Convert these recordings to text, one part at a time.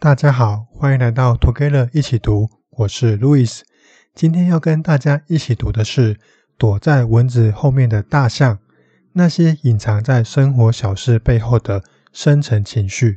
大家好，歡迎來到 Together 一起讀，我是 Louis。今天要跟大家一起讀的是《躲在蚊子後面的大象》，那些隱藏在生活小事背後的深層情緒。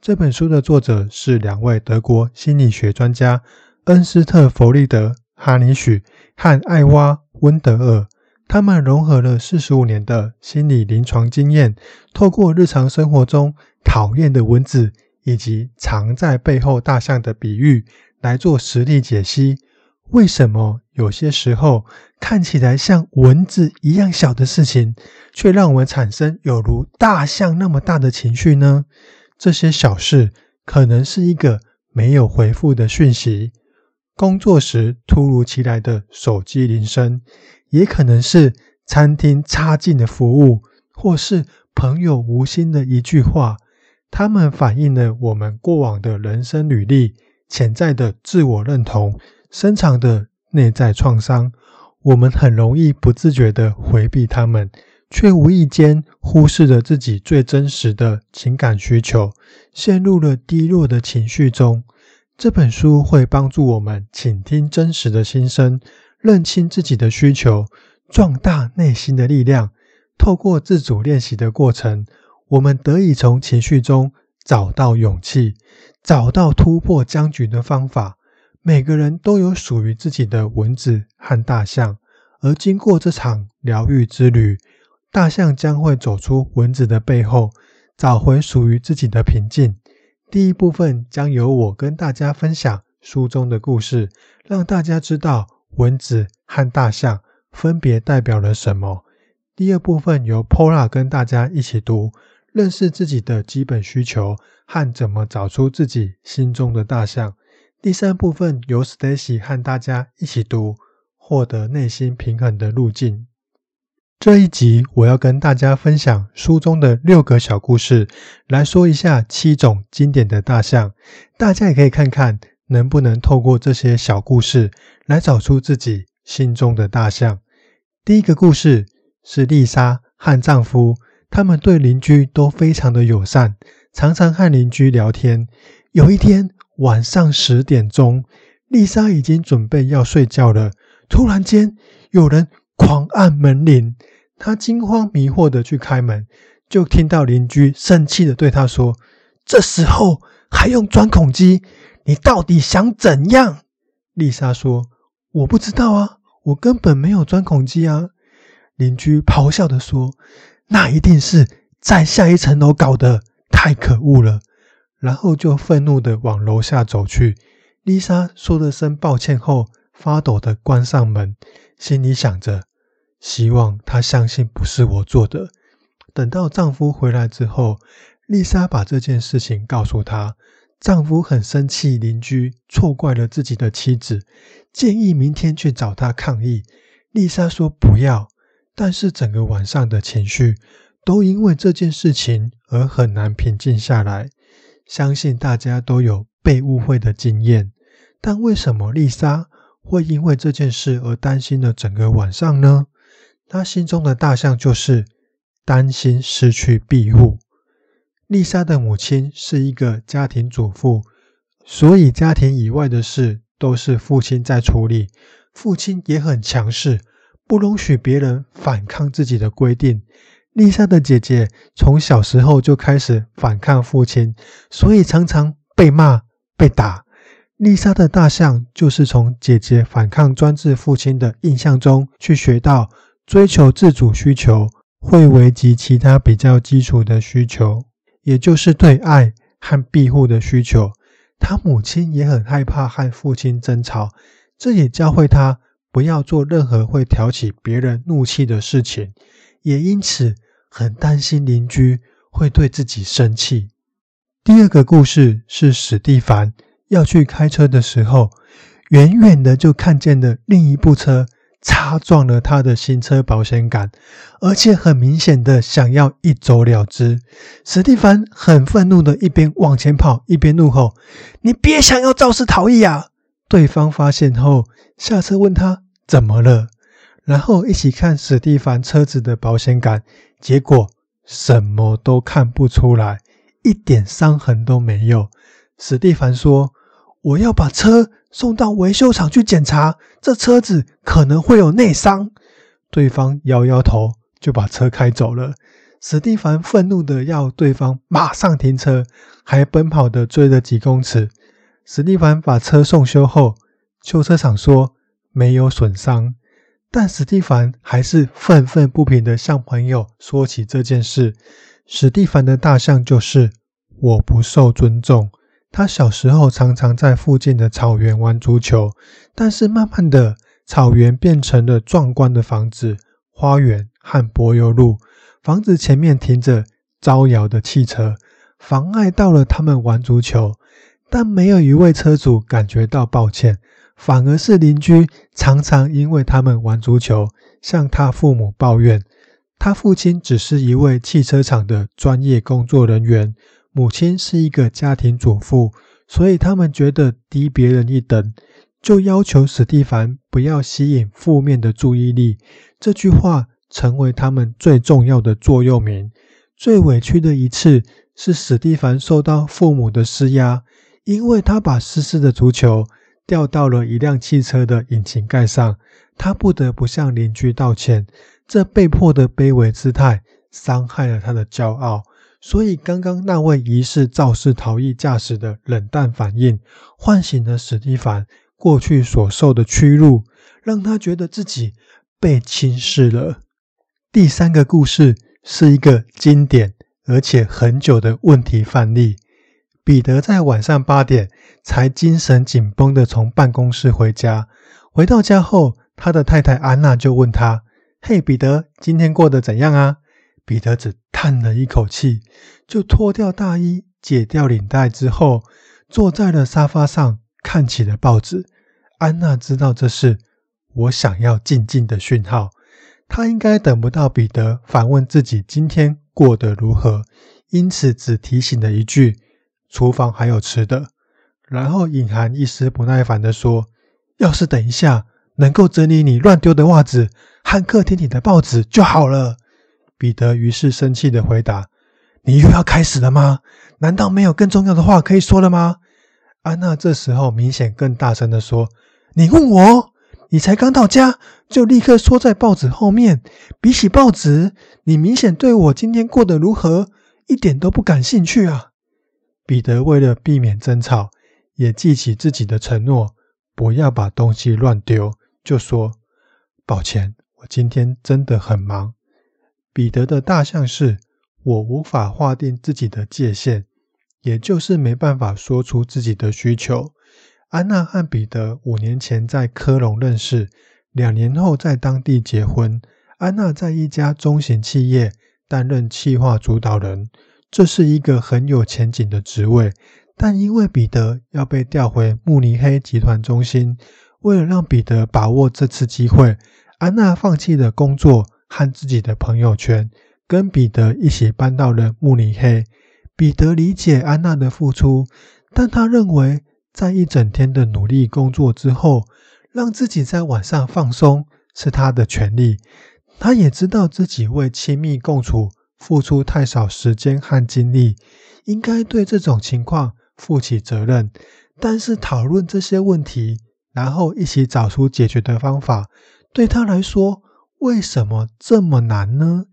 這本書的作者是兩位德國心理學專家恩斯特·弗利德·哈尼許和艾娃·溫德爾。他們融合了四十五年的心理臨床經驗，透過日常生活中討厭的蚊子。以及藏在背後大象的比喻來做實例解析。為什麼有些時候看起來像蚊子一樣小的事情，卻讓我們產生有如大象那麼大的情緒呢？這些小事可能是一個沒有回覆的訊息，工作時突如其來的手機鈴聲，也可能是餐廳差勁的服務，或是朋友無心的一句話。它們反映了我們過往的人生履歷、潛在的自我認同、深藏的內在創傷。我們很容易不自覺地回避他們，卻無意間忽視了自己最真實的情感需求，陷入了低落的情緒中。這本書會幫助我們傾聽真實的心聲，認清自己的需求，壯大內心的力量，透過自主練習的過程。我們得以從情緒中找到勇氣，找到突破僵局的方法。每個人都有屬於自己的蚊子和大象，而經過這場療癒之旅，大象將會走出蚊子的背後，找回屬於自己的平靜。第一部分將由我跟大家分享書中的故事，讓大家知道蚊子和大象分別代表了什麼。第二部分由 Paula 跟大家一起讀。認識自己的基本需求和怎麼找出自己心中的大象。第三部分由 Stacy 和大家一起讀，獲得內心平衡的路徑。這一集我要跟大家分享書中的六個小故事，來說一下七種經典的大象。大家也可以看看能不能透過這些小故事來找出自己心中的大象。第一個故事是麗莎和丈夫。他們對鄰居都非常的友善，常常和鄰居聊天。有一天晚上十點鐘，麗莎已經準備要睡覺了，突然間有人狂按門鈴，她驚慌迷惑的去開門，就聽到鄰居生氣的對她說：“這時候還用鑽孔機？你到底想怎樣？”麗莎說：“我不知道啊，我根本沒有鑽孔機啊。”鄰居咆哮的說，那一定是在下一層樓搞的，太可惡了。然後就憤怒地往樓下走去。麗莎說了聲抱歉後，發抖地關上門，心裡想着：希望她相信不是我做的。等到丈夫回來之後，麗莎把這件事情告訴他。丈夫很生氣，鄰居錯怪了自己的妻子，建議明天去找他抗議。麗莎說不要。但是整個晚上的情緒都因為這件事情而很難平靜下來。相信大家都有被誤會的經驗，但為什麼麗莎會因為這件事而擔心了整個晚上呢？她心中的大象就是擔心失去庇護。麗莎的母親是一個家庭主婦，所以家庭以外的事都是父親在處理，父親也很強勢。不容許別人反抗自己的規定。麗莎的姐姐從小時候就開始反抗父親，所以常常被罵被打。麗莎的大象就是從姐姐反抗專制父親的印象中去學到：追求自主需求會危及其他比較基礎的需求，也就是對愛和庇護的需求。她母親也很害怕和父親爭吵，這也教會她，不要做任何會挑起別人怒氣的事情，也因此很擔心鄰居會對自己生氣。第二個故事是史蒂凡要去開車的時候，遠遠的就看見了另一部車擦撞了他的新車保險桿，而且很明顯的想要一走了之。史蒂凡很憤怒的一邊往前跑，一邊怒吼：“你別想要肇事逃逸啊！”對方發現後下車問他怎麼了，然後一起看史蒂凡車子的保險桿，結果什麼都看不出來，一點傷痕都沒有。史蒂凡說：“我要把車送到維修廠去檢查，這車子可能會有內傷。”對方搖搖頭，就把車開走了。史蒂凡憤怒的要對方馬上停車，還奔跑的追了幾公尺。史蒂凡把車送修後，修車廠說沒有損傷，但史蒂凡還是憤憤不平的向朋友說起這件事。史蒂凡的大象就是我不受尊重。他小時候常常在附近的草原玩足球，但是慢慢的，草原變成了壯觀的房子、花園和柏油路。房子前面停着招搖的汽車，妨礙到了他們玩足球。但沒有一位車主感覺到抱歉，反而是鄰居常常因為他們玩足球向他父母抱怨。他父親只是一位汽車廠的專業工作人員，母親是一個家庭主婦，所以他們覺得低別人一等，就要求史蒂凡不要吸引負面的注意力。這句話成為他們最重要的座右銘。最委屈的一次是史蒂凡受到父母的施壓。因為他把濕濕的足球掉到了一輛汽車的引擎蓋上，他不得不向鄰居道歉。這被迫的卑微姿態傷害了他的驕傲。所以，剛剛那位疑似肇事逃逸駕駛的冷淡反應，喚醒了史蒂凡過去所受的屈辱，讓他覺得自己被輕視了。第三個故事是一個經典而且很久的問題範例。彼得在晚上八點才精神緊繃地從辦公室回家。回到家後，他的太太安娜就問他：“嘿，彼得，今天過得怎樣啊？”彼得只嘆了一口氣，就脫掉大衣、解掉領帶之後，坐在了沙發上看起了報紙。安娜知道這是我想要靜靜的訊號，她應該等不到彼得反問自己今天過得如何，因此只提醒了一句。廚房還有吃的，然後隱含一絲不耐煩的說：“要是等一下能夠整理你亂丟的襪子、和客廳裡的報紙就好了。”彼得於是生氣的回答：“你又要開始了嗎？難道沒有更重要的話可以說了嗎？”安娜這時候明顯更大聲地說：“你問我，你才剛到家就立刻縮在報紙後面，比起報紙，你明顯對我今天過得如何一點都不感興趣啊！”彼得為了避免爭吵，也記起自己的承諾，不要把東西亂丟，就說：“抱歉，我今天真的很忙。”彼得的大象是我無法劃定自己的界限，也就是沒辦法說出自己的需求。安娜和彼得五年前在科隆認識，兩年後在當地結婚。安娜在一家中型企業擔任企劃主導人。這是一個很有前景的職位，但因為彼得要被調回慕尼黑集團中心，為了讓彼得把握這次機會，安娜放棄了工作和自己的朋友圈，跟彼得一起搬到了慕尼黑。彼得理解安娜的付出，但他認為，在一整天的努力工作之後，讓自己在晚上放鬆是他的權利。他也知道自己為親密共處。付出太少時間和精力，應該對這種情況負起責任。但是討論這些問題，然後一起找出解決的方法，對他來說為什麼這麼難呢？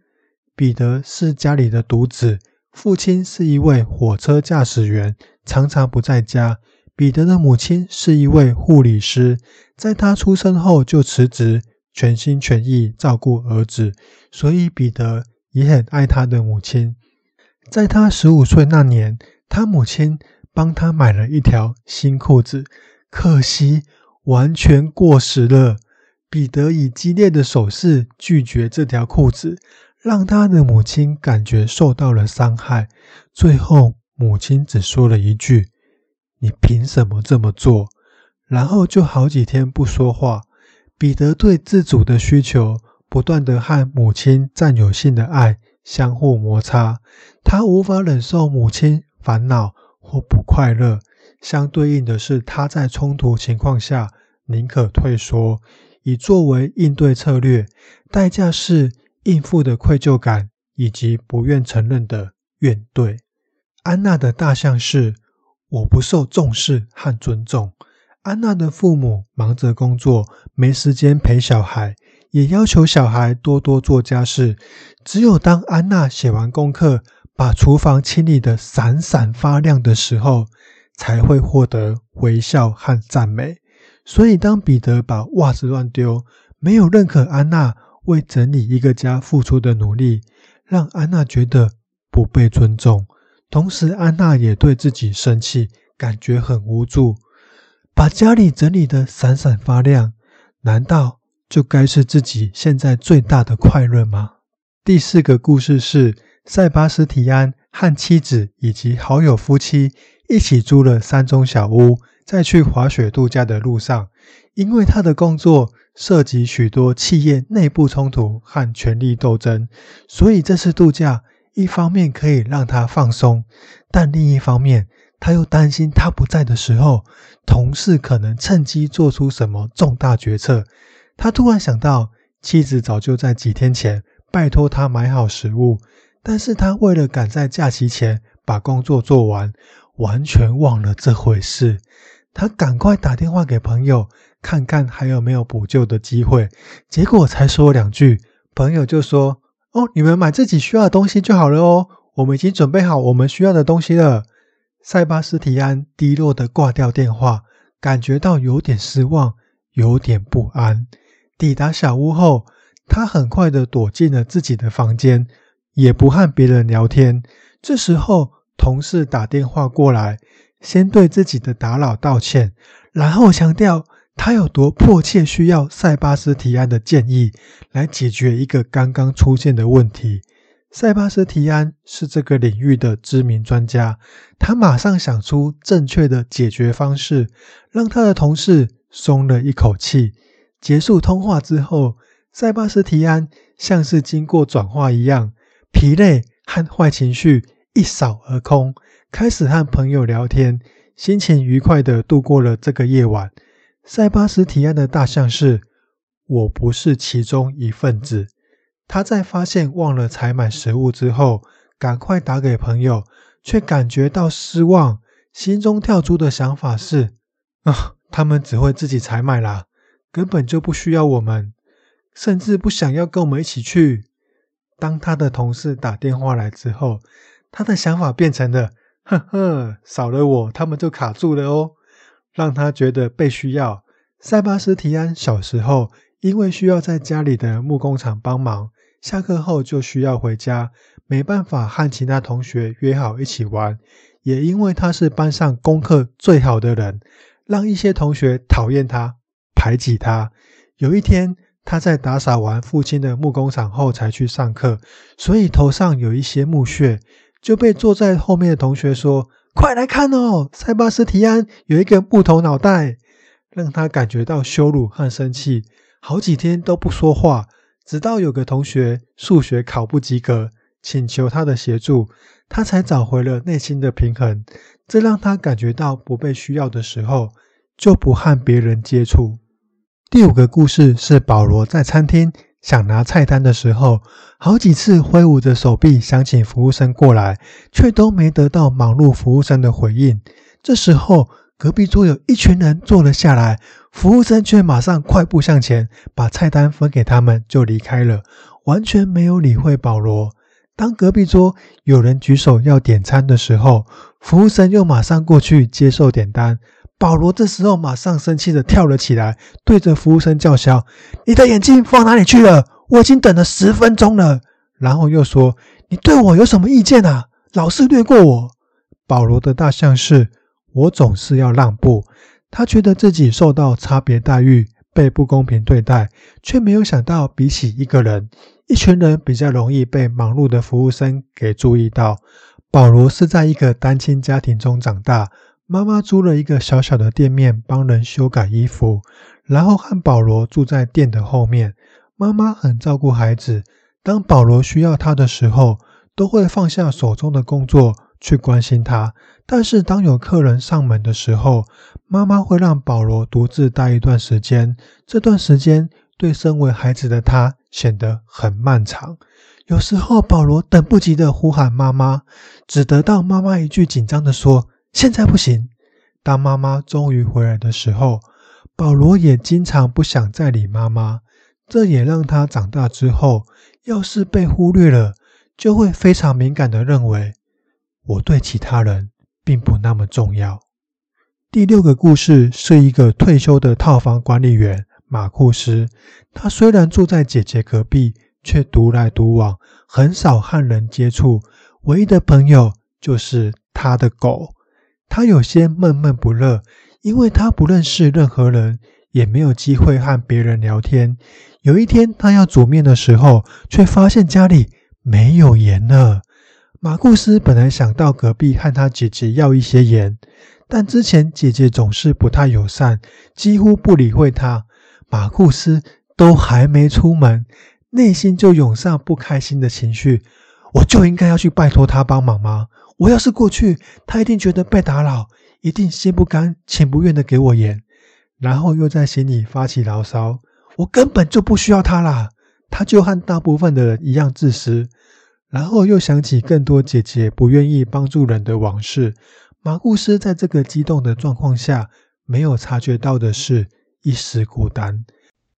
彼得是家裡的獨子，父親是一位火車駕駛員，常常不在家。彼得的母親是一位護理師，在他出生後就辭職，全心全意照顧兒子。所以彼得。也很愛他的母親。在他十五歲那年，他母親幫他買了一條新褲子，可惜完全過時了。彼得以激烈的手勢拒絕這條褲子，讓他的母親感覺受到了傷害。最後，母親只說了一句：“你憑什麼這麼做？”然後就好幾天不說話。彼得對自主的需求。不斷的和母親佔有性的愛相互摩擦，他無法忍受母親煩惱或不快樂。相對應的是，他在衝突情況下寧可退縮，以作為應對策略。代價是應付的愧疚感以及不願承認的怨懟。安娜的大象是我不受重視和尊重。安娜的父母忙着工作，沒時間陪小孩。也要求小孩多多做家事。只有當安娜寫完功課，把廚房清理得閃閃發亮的時候，才會獲得微笑和讚美。所以，當彼得把襪子亂丟，沒有認可安娜為整理一個家付出的努力，讓安娜覺得不被尊重。同時，安娜也對自己生氣，感覺很無助。把家裡整理得閃閃發亮，難道就該是自己現在最大的快樂嗎？第四個故事是塞巴斯提安和妻子以及好友夫妻一起租了山中小屋，在去滑雪度假的路上。因為他的工作涉及許多企業內部衝突和權力鬥爭，所以這次度假一方面可以讓他放鬆，但另一方面他又擔心他不在的時候，同事可能趁機做出什麼重大決策。他突然想到，妻子早就在幾天前拜托他買好食物，但是他為了趕在假期前把工作做完，完全忘了這回事。他趕快打電話給朋友，看看還有沒有補救的機會。結果才說兩句，朋友就說：“哦，你們買自己需要的東西就好了哦，我們已經準備好我們需要的東西了。”塞巴斯提安低落地掛掉電話，感覺到有點失望，有點不安。抵達小屋後，他很快的躲進了自己的房間，也不和別人聊天。這時候，同事打電話過來，先對自己的打擾道歉，然後強調他有多迫切需要塞巴斯提安的建議來解決一個剛剛出現的問題。塞巴斯提安是這個領域的知名專家，他馬上想出正確的解決方式，讓他的同事鬆了一口氣。結束通話之後，塞巴斯提安像是經過轉化一樣，疲累和壞情緒一掃而空，開始和朋友聊天，心情愉快地度過了這個夜晚。塞巴斯提安的大象是“我不是其中一份子”。他在發現忘了採買食物之後，趕快打給朋友，卻感覺到失望，心中跳出的想法是：“啊，他們只會自己採買啦。”根本就不需要我們，甚至不想要跟我們一起去。當他的同事打電話來之後，他的想法變成了：呵呵，少了我，他們就卡住了哦。讓他覺得被需要。塞巴斯提安小時候因為需要在家裡的木工廠幫忙，下課後就需要回家，沒辦法和其他同學約好一起玩。也因為他是班上功課最好的人，讓一些同學討厭他。排擠他。有一天，他在打掃完父親的木工廠後才去上課，所以頭上有一些木屑，就被坐在後面的同學說：“快來看哦，塞巴斯提安有一個木頭腦袋。”讓他感覺到羞辱和生氣，好幾天都不說話。直到有個同學數學考不及格，請求他的協助，他才找回了內心的平衡。這讓他感覺到不被需要的時候，就不和別人接觸。第五個故事是保羅在餐廳想拿菜單的時候，好幾次揮舞着手臂想請服務生過來，卻都沒得到忙碌服務生的回應。這時候，隔壁桌有一群人坐了下來，服務生卻馬上快步向前，把菜單分給他們就離開了，完全沒有理會保羅。當隔壁桌有人舉手要點餐的時候，服務生又馬上過去接受點單。保羅這時候馬上生氣的跳了起來，對着服務生叫囂：“你的眼睛放哪裡去了？我已經等了十分鐘了。”然後又說：“你對我有什麼意見啊？老是略過我。”保羅的大象是我總是要讓步，他覺得自己受到差別待遇，被不公平對待，卻沒有想到，比起一個人，一群人比較容易被忙碌的服務生給注意到。保羅是在一個單親家庭中長大。媽媽租了一個小小的店面，幫人修改衣服，然後和保羅住在店的後面。媽媽很照顧孩子，當保羅需要他的時候，都會放下手中的工作去關心他。但是當有客人上門的時候，媽媽會讓保羅獨自待一段時間。這段時間對身為孩子的他顯得很漫長。有時候保羅等不及的呼喊媽媽，只得到媽媽一句緊張的說。現在不行。當媽媽終於回來的時候，保羅也經常不想再理媽媽。這也讓他長大之後，要是被忽略了，就會非常敏感的認為，我對其他人並不那麼重要。第六個故事是一個退休的套房管理員馬庫斯。他雖然住在姐姐隔壁，卻獨來獨往，很少和人接觸。唯一的朋友就是他的狗。他有些悶悶不樂，因為他不認識任何人，也沒有機會和別人聊天。有一天，他要煮麵的時候，卻發現家裡沒有鹽了。馬庫斯本來想到隔壁和他姐姐要一些鹽，但之前姐姐總是不太友善，幾乎不理會他。馬庫斯都還沒出門，內心就湧上不開心的情緒。我就應該要去拜托他幫忙嗎？我要是過去，他一定覺得被打擾，一定心不甘情不願的給我演，然後又在心裡發起牢騷。我根本就不需要他啦。他就和大部分的人一樣自私。然後又想起更多姐姐不願意幫助人的往事。馬庫斯在這個激動的狀況下，沒有察覺到的是，一絲孤單。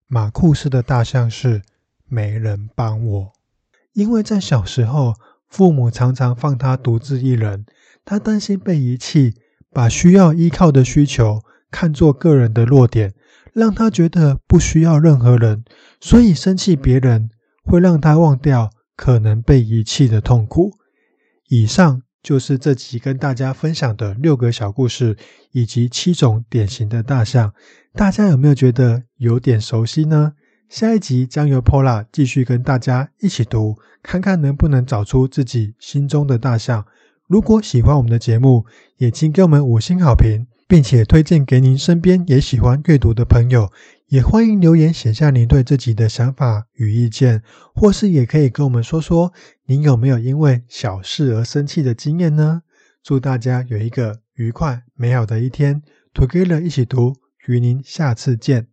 馬庫斯的大象是沒人幫我，因為在小時候。父母常常放他獨自一人，他擔心被遺棄，把需要依靠的需求看作個人的弱點，讓他覺得不需要任何人，所以生氣別人會讓他忘掉可能被遺棄的痛苦。以上就是這集跟大家分享的六個小故事，以及七種典型的大象，大家有沒有覺得有點熟悉呢？下一集將由 Paula 繼續跟大家一起讀，看看能不能找出自己心中的大象。如果喜歡我們的節目，也請給我們五星好評，並且推薦給您身邊也喜歡閱讀的朋友。也歡迎留言寫下您對自己的想法與意見，或是也可以跟我們說說您有沒有因為小事而生氣的經驗呢？祝大家有一個愉快美好的一天！Together 一起讀，與您下次見。